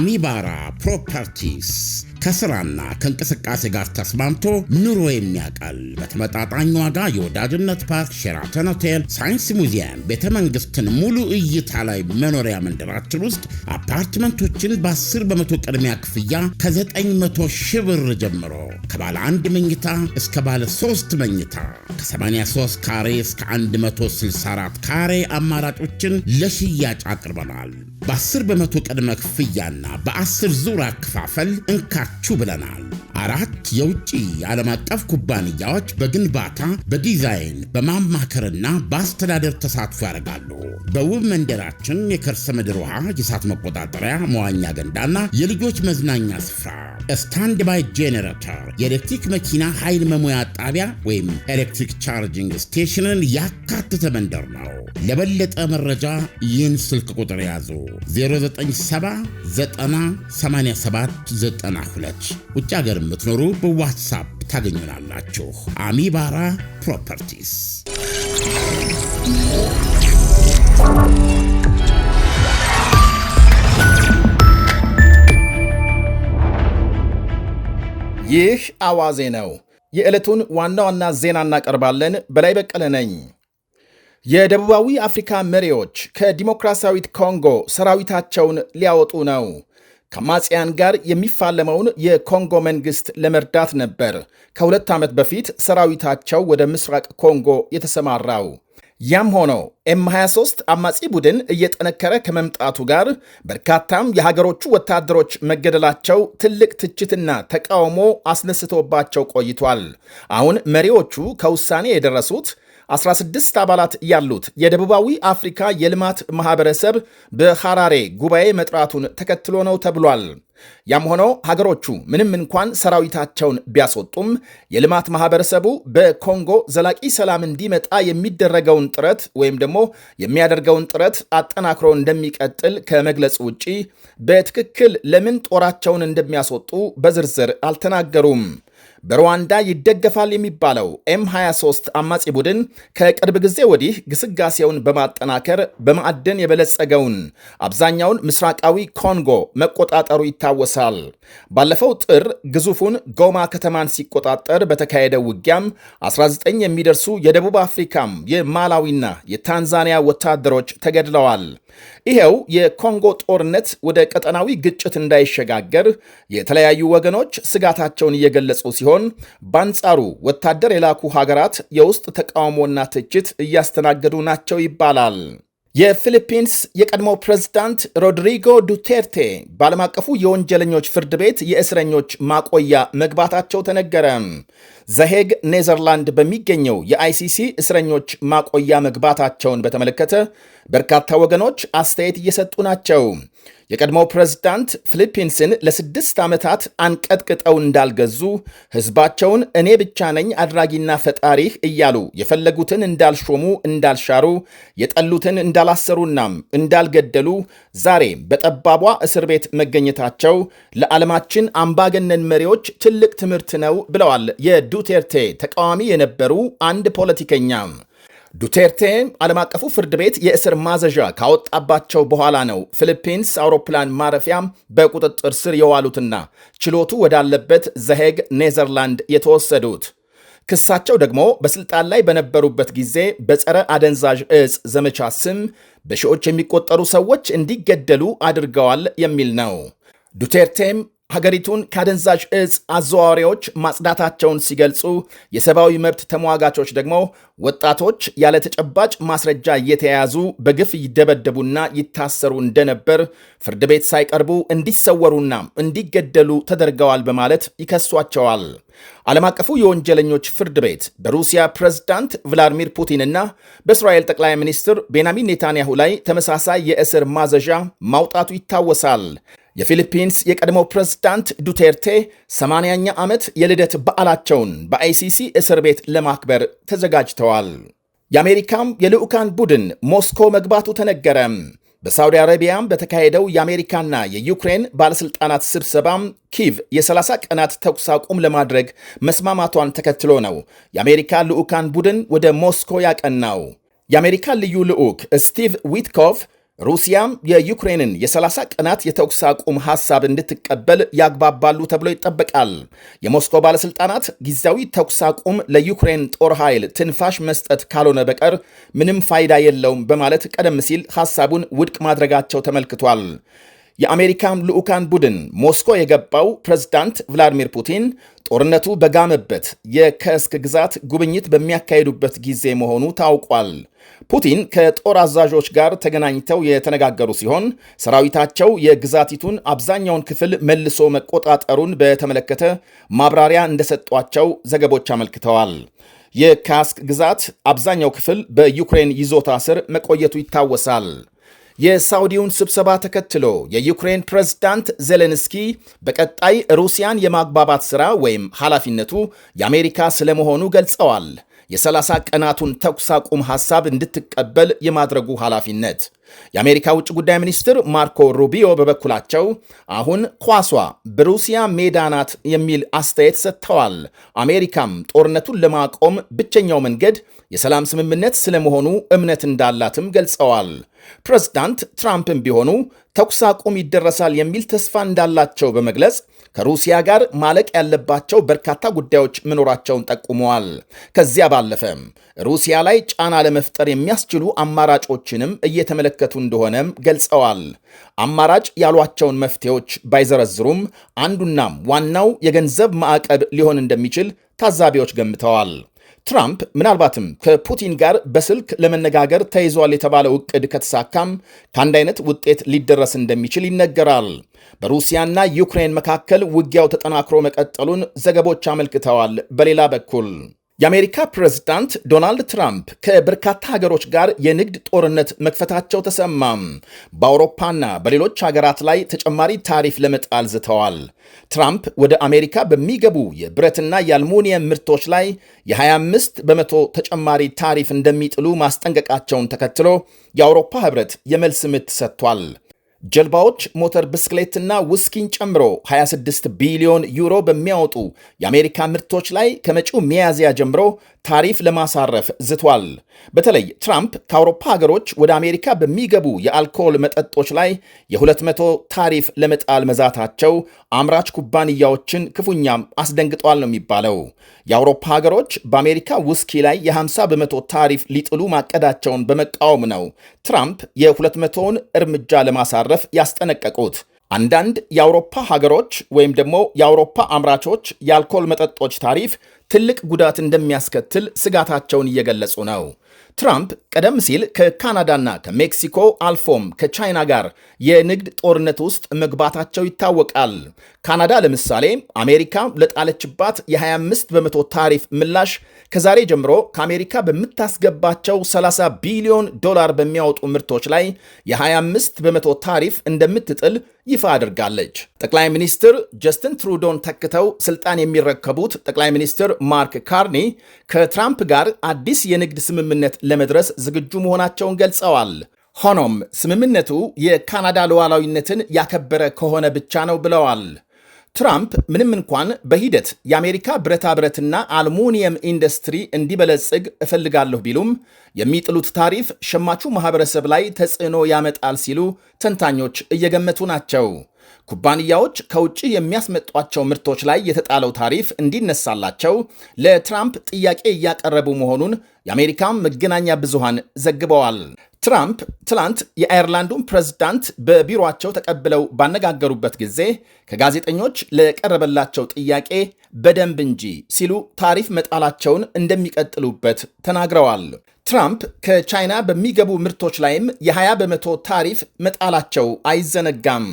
Amibara Properties ከስራና ከእንቅስቃሴ ጋር ተስማምቶ ኑሮ የሚያቀል በተመጣጣኝ ዋጋ የወዳጅነት ፓርክ፣ ሼራተን ሆቴል፣ ሳይንስ ሙዚየም፣ ቤተ መንግስትን ሙሉ እይታ ላይ መኖሪያ መንደራችን ውስጥ አፓርትመንቶችን በ10 በመቶ ቅድሚያ ክፍያ ከ900 ሺህ ብር ጀምሮ ከባለ አንድ መኝታ እስከ ባለ ሶስት መኝታ ከ83 ካሬ እስከ 164 ካሬ አማራጮችን ለሽያጭ አቅርበናል። በ10 በመቶ ቅድመ ክፍያና በ10 ዙር አከፋፈል እንካ ናችሁ ብለናል። አራት የውጭ ዓለም አቀፍ ኩባንያዎች በግንባታ በዲዛይን በማማከርና በአስተዳደር ተሳትፎ ያደርጋሉ። በውብ መንደራችን የከርሰ ምድር ውሃ፣ የእሳት መቆጣጠሪያ፣ መዋኛ ገንዳና የልጆች መዝናኛ ስፍራ፣ ስታንድ ባይ ጄኔሬተር፣ የኤሌክትሪክ መኪና ኃይል መሙያ ጣቢያ ወይም ኤሌክትሪክ ቻርጅንግ ስቴሽንን ያካተተ መንደር ነው። ለበለጠ መረጃ ይህን ስልክ ቁጥር ያዙ 0979 222 ውጭ ሀገር የምትኖሩ በዋትሳፕ ታገኙናላችሁ። አሚባራ ፕሮፐርቲስ። ይህ አዋዜ ነው። የዕለቱን ዋና ዋና ዜና እናቀርባለን። በላይ በቀለ ነኝ። የደቡባዊ አፍሪካ መሪዎች ከዲሞክራሲያዊት ኮንጎ ሰራዊታቸውን ሊያወጡ ነው። ከማጽያን ጋር የሚፋለመውን የኮንጎ መንግስት ለመርዳት ነበር ከሁለት ዓመት በፊት ሰራዊታቸው ወደ ምስራቅ ኮንጎ የተሰማራው። ያም ሆኖ ኤም 23 አማጺ ቡድን እየጠነከረ ከመምጣቱ ጋር በርካታም የሀገሮቹ ወታደሮች መገደላቸው ትልቅ ትችትና ተቃውሞ አስነስቶባቸው ቆይቷል። አሁን መሪዎቹ ከውሳኔ የደረሱት 16 አባላት ያሉት የደቡባዊ አፍሪካ የልማት ማህበረሰብ በሐራሬ ጉባኤ መጥራቱን ተከትሎ ነው ተብሏል። ያም ሆኖ ሀገሮቹ ምንም እንኳን ሰራዊታቸውን ቢያስወጡም የልማት ማህበረሰቡ በኮንጎ ዘላቂ ሰላም እንዲመጣ የሚደረገውን ጥረት ወይም ደግሞ የሚያደርገውን ጥረት አጠናክሮ እንደሚቀጥል ከመግለጽ ውጪ በትክክል ለምን ጦራቸውን እንደሚያስወጡ በዝርዝር አልተናገሩም። በሩዋንዳ ይደገፋል የሚባለው ኤም 23 አማጺ ቡድን ከቅርብ ጊዜ ወዲህ ግስጋሴውን በማጠናከር በማዕደን የበለጸገውን አብዛኛውን ምስራቃዊ ኮንጎ መቆጣጠሩ ይታወሳል። ባለፈው ጥር ግዙፉን ጎማ ከተማን ሲቆጣጠር በተካሄደው ውጊያም 19 የሚደርሱ የደቡብ አፍሪካም የማላዊና የታንዛኒያ ወታደሮች ተገድለዋል። ይኸው የኮንጎ ጦርነት ወደ ቀጠናዊ ግጭት እንዳይሸጋገር የተለያዩ ወገኖች ስጋታቸውን እየገለጹ ሲሆን ሲሆን በአንጻሩ ወታደር የላኩ ሀገራት የውስጥ ተቃውሞና ትችት እያስተናገዱ ናቸው ይባላል። የፊሊፒንስ የቀድሞ ፕሬዝዳንት ሮድሪጎ ዱቴርቴ በዓለም አቀፉ የወንጀለኞች ፍርድ ቤት የእስረኞች ማቆያ መግባታቸው ተነገረ። ዘሄግ ኔዘርላንድ በሚገኘው የአይሲሲ እስረኞች ማቆያ መግባታቸውን በተመለከተ በርካታ ወገኖች አስተያየት እየሰጡ ናቸው። የቀድሞው ፕሬዝዳንት ፊሊፒንስን ለስድስት ዓመታት አንቀጥቅጠው እንዳልገዙ ሕዝባቸውን እኔ ብቻ ነኝ አድራጊና ፈጣሪህ እያሉ የፈለጉትን እንዳልሾሙ፣ እንዳልሻሩ፣ የጠሉትን እንዳላሰሩናም እንዳልገደሉ ዛሬ በጠባቧ እስር ቤት መገኘታቸው ለዓለማችን አምባገነን መሪዎች ትልቅ ትምህርት ነው ብለዋል የዱቴርቴ ተቃዋሚ የነበሩ አንድ ፖለቲከኛ። ዱቴርቴ ዓለም አቀፉ ፍርድ ቤት የእስር ማዘዣ ካወጣባቸው በኋላ ነው ፊሊፒንስ አውሮፕላን ማረፊያ በቁጥጥር ስር የዋሉትና ችሎቱ ወዳለበት ዘሄግ ኔዘርላንድ የተወሰዱት። ክሳቸው ደግሞ በስልጣን ላይ በነበሩበት ጊዜ በጸረ አደንዛዥ እጽ ዘመቻ ስም በሺዎች የሚቆጠሩ ሰዎች እንዲገደሉ አድርገዋል የሚል ነው። ዱቴርቴም ሀገሪቱን ከአደንዛዥ እጽ አዘዋዋሪዎች ማጽዳታቸውን ሲገልጹ የሰብአዊ መብት ተሟጋቾች ደግሞ ወጣቶች ያለ ተጨባጭ ማስረጃ እየተያያዙ በግፍ ይደበደቡና ይታሰሩ እንደነበር፣ ፍርድ ቤት ሳይቀርቡ እንዲሰወሩና እንዲገደሉ ተደርገዋል በማለት ይከሷቸዋል። ዓለም አቀፉ የወንጀለኞች ፍርድ ቤት በሩሲያ ፕሬዝዳንት ፑቲን ፑቲንና በእስራኤል ጠቅላይ ሚኒስትር ቤንያሚን ኔታንያሁ ላይ ተመሳሳይ የእስር ማዘዣ ማውጣቱ ይታወሳል። የፊሊፒንስ የቀድሞ ፕሬዝዳንት ዱቴርቴ 80ኛ ዓመት የልደት በዓላቸውን በአይሲሲ እስር ቤት ለማክበር ተዘጋጅተዋል። የአሜሪካም የልዑካን ቡድን ሞስኮ መግባቱ ተነገረም። በሳውዲ አረቢያም በተካሄደው የአሜሪካና የዩክሬን ባለሥልጣናት ስብሰባም ኪቭ የ30 ቀናት ተኩስ አቁም ለማድረግ መስማማቷን ተከትሎ ነው የአሜሪካ ልዑካን ቡድን ወደ ሞስኮ ያቀናው። የአሜሪካ ልዩ ልዑክ ስቲቭ ዊትኮፍ ሩሲያም የዩክሬንን የ30 ቀናት የተኩስ አቁም ሐሳብ እንድትቀበል ያግባባሉ ተብሎ ይጠበቃል። የሞስኮ ባለሥልጣናት ጊዜያዊ ተኩስ አቁም ለዩክሬን ጦር ኃይል ትንፋሽ መስጠት ካልሆነ በቀር ምንም ፋይዳ የለውም በማለት ቀደም ሲል ሐሳቡን ውድቅ ማድረጋቸው ተመልክቷል። የአሜሪካን ልዑካን ቡድን ሞስኮ የገባው ፕሬዝዳንት ቭላዲሚር ፑቲን ጦርነቱ በጋመበት የከስክ ግዛት ጉብኝት በሚያካሂዱበት ጊዜ መሆኑ ታውቋል። ፑቲን ከጦር አዛዦች ጋር ተገናኝተው የተነጋገሩ ሲሆን ሰራዊታቸው የግዛቲቱን አብዛኛውን ክፍል መልሶ መቆጣጠሩን በተመለከተ ማብራሪያ እንደሰጧቸው ዘገቦች አመልክተዋል። የካስክ ግዛት አብዛኛው ክፍል በዩክሬን ይዞታ ስር መቆየቱ ይታወሳል። የሳውዲውን ስብሰባ ተከትሎ የዩክሬን ፕሬዝዳንት ዜሌንስኪ በቀጣይ ሩሲያን የማግባባት ሥራ ወይም ኃላፊነቱ የአሜሪካ ስለመሆኑ ገልጸዋል። የ30 ቀናቱን ተኩስ አቁም ሐሳብ እንድትቀበል የማድረጉ ኃላፊነት የአሜሪካ ውጭ ጉዳይ ሚኒስትር ማርኮ ሩቢዮ በበኩላቸው አሁን ኳሷ በሩሲያ ሜዳ ናት የሚል አስተያየት ሰጥተዋል። አሜሪካም ጦርነቱን ለማቆም ብቸኛው መንገድ የሰላም ስምምነት ስለመሆኑ እምነት እንዳላትም ገልጸዋል። ፕሬዝዳንት ትራምፕም ቢሆኑ ተኩስ አቁም ይደረሳል የሚል ተስፋ እንዳላቸው በመግለጽ ከሩሲያ ጋር ማለቅ ያለባቸው በርካታ ጉዳዮች መኖራቸውን ጠቁመዋል። ከዚያ ባለፈ ሩሲያ ላይ ጫና ለመፍጠር የሚያስችሉ አማራጮችንም እየተመለከቱ እንደሆነም ገልጸዋል። አማራጭ ያሏቸውን መፍትሄዎች ባይዘረዝሩም አንዱናም ዋናው የገንዘብ ማዕቀብ ሊሆን እንደሚችል ታዛቢዎች ገምተዋል። ትራምፕ ምናልባትም ከፑቲን ጋር በስልክ ለመነጋገር ተይዟል የተባለው እቅድ ከተሳካም ከአንድ አይነት ውጤት ሊደረስ እንደሚችል ይነገራል። በሩሲያና ዩክሬን መካከል ውጊያው ተጠናክሮ መቀጠሉን ዘገቦች አመልክተዋል። በሌላ በኩል የአሜሪካ ፕሬዝዳንት ዶናልድ ትራምፕ ከበርካታ ሀገሮች ጋር የንግድ ጦርነት መክፈታቸው ተሰማ በአውሮፓና በሌሎች ሀገራት ላይ ተጨማሪ ታሪፍ ለመጣል ዝተዋል። ትራምፕ ወደ አሜሪካ በሚገቡ የብረትና የአልሙኒየም ምርቶች ላይ የ25 በመቶ ተጨማሪ ታሪፍ እንደሚጥሉ ማስጠንቀቃቸውን ተከትሎ የአውሮፓ ህብረት የመልስ ምት ሰጥቷል። ጀልባዎች፣ ሞተር ብስክሌትና ውስኪን ጨምሮ 26 ቢሊዮን ዩሮ በሚያወጡ የአሜሪካ ምርቶች ላይ ከመጪው ሚያዝያ ጀምሮ ታሪፍ ለማሳረፍ ዝቷል። በተለይ ትራምፕ ከአውሮፓ ሀገሮች ወደ አሜሪካ በሚገቡ የአልኮል መጠጦች ላይ የ200 ታሪፍ ለመጣል መዛታቸው አምራች ኩባንያዎችን ክፉኛም አስደንግጧል ነው የሚባለው። የአውሮፓ ሀገሮች በአሜሪካ ውስኪ ላይ የ50 በመቶ ታሪፍ ሊጥሉ ማቀዳቸውን በመቃወም ነው ትራምፕ የ 200 ን እርምጃ ለማሳረፍ ለማሳረፍ ያስጠነቀቁት። አንዳንድ የአውሮፓ ሀገሮች ወይም ደግሞ የአውሮፓ አምራቾች የአልኮል መጠጦች ታሪፍ ትልቅ ጉዳት እንደሚያስከትል ስጋታቸውን እየገለጹ ነው። ትራምፕ ቀደም ሲል ከካናዳና ከሜክሲኮ አልፎም ከቻይና ጋር የንግድ ጦርነት ውስጥ መግባታቸው ይታወቃል። ካናዳ ለምሳሌ አሜሪካ ለጣለችባት የ25 በመቶ ታሪፍ ምላሽ ከዛሬ ጀምሮ ከአሜሪካ በምታስገባቸው 30 ቢሊዮን ዶላር በሚያወጡ ምርቶች ላይ የ25 በመቶ ታሪፍ እንደምትጥል ይፋ አድርጋለች። ጠቅላይ ሚኒስትር ጀስትን ትሩዶን ተክተው ስልጣን የሚረከቡት ጠቅላይ ሚኒስትር ማርክ ካርኒ ከትራምፕ ጋር አዲስ የንግድ ስምምነት ለመድረስ ዝግጁ መሆናቸውን ገልጸዋል። ሆኖም ስምምነቱ የካናዳ ሉዓላዊነትን ያከበረ ከሆነ ብቻ ነው ብለዋል። ትራምፕ ምንም እንኳን በሂደት የአሜሪካ ብረታ ብረትና አልሙኒየም ኢንዱስትሪ እንዲበለጽግ እፈልጋለሁ ቢሉም የሚጥሉት ታሪፍ ሸማቹ ማህበረሰብ ላይ ተጽዕኖ ያመጣል ሲሉ ተንታኞች እየገመቱ ናቸው። ኩባንያዎች ከውጭ የሚያስመጧቸው ምርቶች ላይ የተጣለው ታሪፍ እንዲነሳላቸው ለትራምፕ ጥያቄ እያቀረቡ መሆኑን የአሜሪካ መገናኛ ብዙሃን ዘግበዋል። ትራምፕ ትላንት የአየርላንዱን ፕሬዝዳንት በቢሮቸው ተቀብለው ባነጋገሩበት ጊዜ ከጋዜጠኞች ለቀረበላቸው ጥያቄ በደንብ እንጂ ሲሉ ታሪፍ መጣላቸውን እንደሚቀጥሉበት ተናግረዋል። ትራምፕ ከቻይና በሚገቡ ምርቶች ላይም የ20 በመቶ ታሪፍ መጣላቸው አይዘነጋም።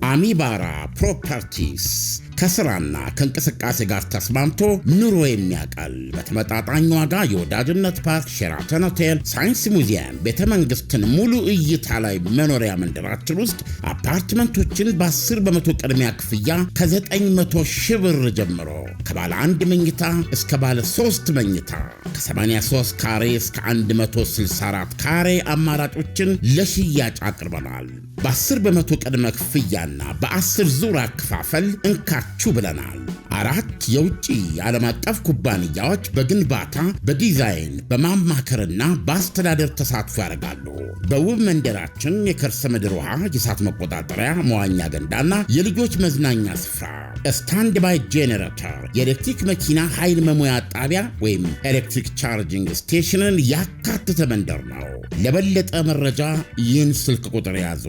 Amibara Properties ከስራና ከእንቅስቃሴ ጋር ተስማምቶ ኑሮ የሚያቀል በተመጣጣኝ ዋጋ የወዳጅነት ፓርክ፣ ሼራተን ሆቴል፣ ሳይንስ ሙዚየም፣ ቤተ መንግስትን ሙሉ እይታ ላይ መኖሪያ መንደራችን ውስጥ አፓርትመንቶችን በ10 በመቶ ቅድሚያ ክፍያ ከ900 ሺህ ብር ጀምሮ ከባለ አንድ መኝታ እስከ ባለ ሶስት መኝታ ከ83 ካሬ እስከ 164 ካሬ አማራጮችን ለሽያጭ አቅርበናል። በ10 በመቶ ቅድመ ክፍያና በ10 ዙር አከፋፈል እንካ ናችሁ ብለናል። አራት የውጭ ዓለም አቀፍ ኩባንያዎች በግንባታ በዲዛይን በማማከርና በአስተዳደር ተሳትፎ ያደርጋሉ። በውብ መንደራችን የከርሰ ምድር ውሃ፣ የእሳት መቆጣጠሪያ፣ መዋኛ ገንዳና የልጆች መዝናኛ ስፍራ ስታንድባይ ጄኔሬተር የኤሌክትሪክ መኪና ኃይል መሙያ ጣቢያ ወይም ኤሌክትሪክ ቻርጅንግ ስቴሽንን ያካተተ መንደር ነው። ለበለጠ መረጃ ይህን ስልክ ቁጥር ያዙ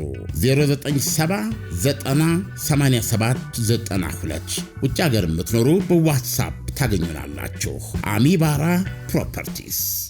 09798792 ውጭ ሀገር የምትኖሩ በዋትሳፕ ታገኙናላችሁ። አሚባራ ፕሮፐርቲስ